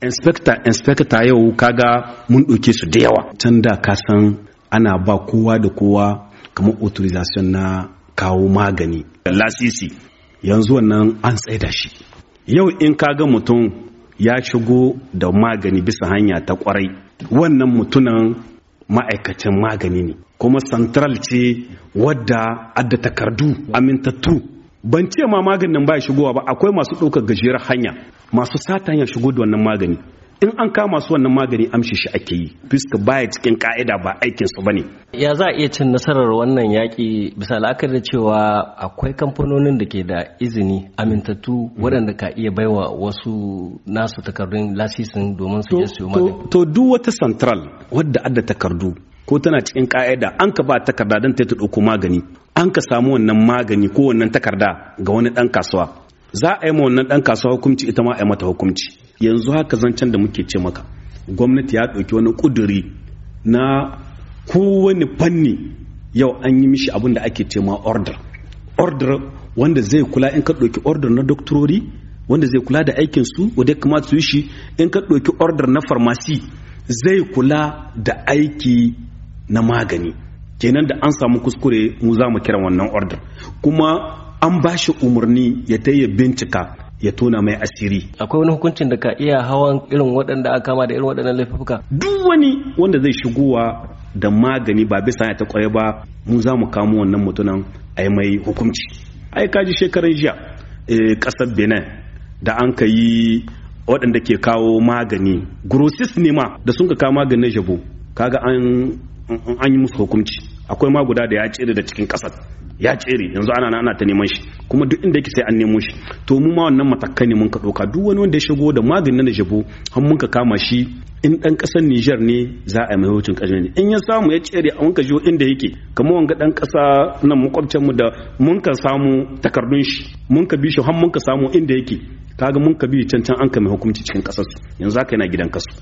inspector inspector yau kaga mun ɗauke su da yawa can da ka san ana ba kowa da kowa kamar authorization na kawo magani lasisi yanzu wannan an tsaida shi yau in kaga mutum ya shigo da magani bisa hanya ta kwarai wannan mutunan ma'aikacin magani ne kuma central ce wadda adda takardu amintattu ban ce ma maganin ba ya shigowa ba akwai masu ɗaukar gajerar hanya masu sata ya shigo da wannan magani in an kama su wannan magani amshi shi ake yi fiska baya cikin ka'ida ba aikin su bane ya za a iya cin nasarar wannan yaƙi bisa la'akari da cewa akwai kamfanonin da ke da izini amintattu mm. waɗanda ka iya baiwa wasu nasu takardun lasisin domin su je su magani to duk wata central wadda adda takardu ko tana cikin ka'ida an ka ba takarda don ta ta ɗauko magani an ka samu wannan magani ko wannan takarda ga wani ɗan kasuwa za a yi ma wannan ɗan kasuwa hukunci ita ma a yi mata hukunci yanzu haka zancen da muke ce maka gwamnati ya ɗauki wani ƙuduri na kowane fanni yau an yi mishi abin da ake ce ma order order wanda zai kula in ka ɗauki order na doktorori wanda zai kula da aikin su wanda ya su yi shi in ka ɗauki order na farmasi zai kula da aiki na magani kenan da an samu kuskure mu za mu kiran wannan order kuma an ba shi umarni ya ta yi bincika ya tona mai asiri akwai wani hukuncin da ka iya hawan irin waɗanda aka kama da irin waɗannan laifuka duk wani wanda zai shigowa da magani ba bisa ya ta kwaye ba mu za mu kamo wannan mutumin a yi mai hukunci ai kaji shekaran jiya Kasar eh, benin da an ka yi waɗanda ke kawo magani grossist ne ma da sun ka kawo maganin jabo kaga an an yi musu hukunci akwai ma guda da ya tsere da cikin kasar ya tsere yanzu ana ana ta neman shi kuma duk inda yake sai an nemo shi to mu ma wannan matakai ne mun ka doka duk wani wanda ya shigo da maganin na jabo har mun ka kama shi in dan kasar Niger ne za a yi mai hutun kasar ne in ya samu ya tsere a wanka jiwo inda yake kamar wanga dan kasa nan makwabcin mu da mun ka samu takardun shi mun ka bi shi har mun ka samu inda yake kaga mun ka bi can can an ka mai hukunci cikin kasar yanzu haka yana gidan kasu